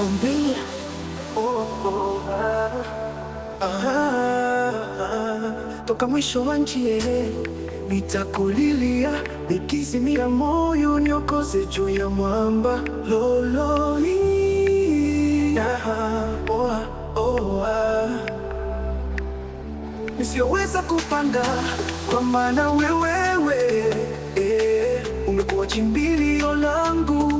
ombea toka mwisho wa njia nitakulilia, nikizimia moyo niokoze juu ya mwamba loloi nisiyoweza kupanga, kwa maana wewewe eh, umekuwa chimbilio langu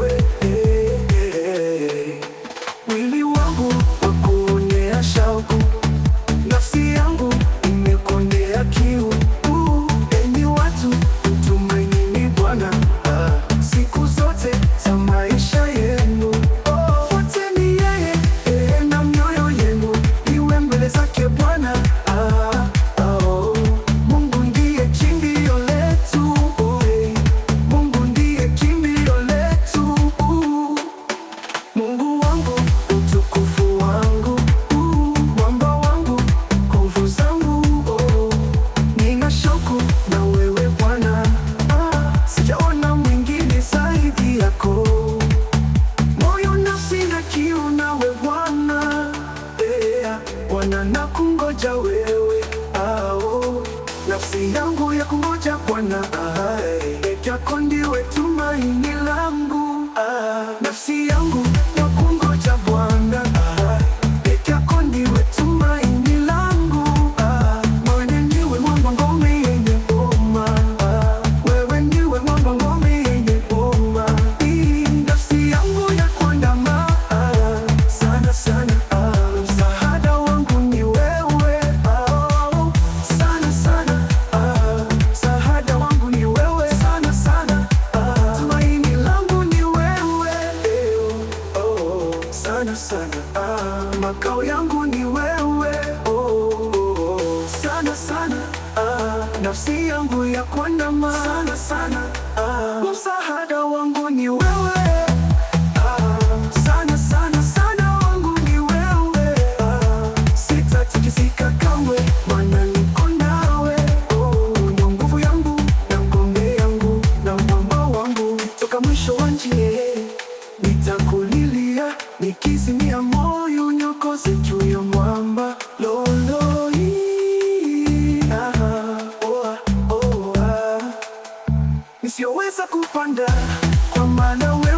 sana na kungoja wewe, ao nafsi yangu ya kungoja Bwana. sana sana, ah, makao yangu ni wewe oh, oh, oh. Sana sana ah, nafsi yangu ya kuandama sana sana ah, msahada wangu ni nisiyoweza kupanda, kwa maana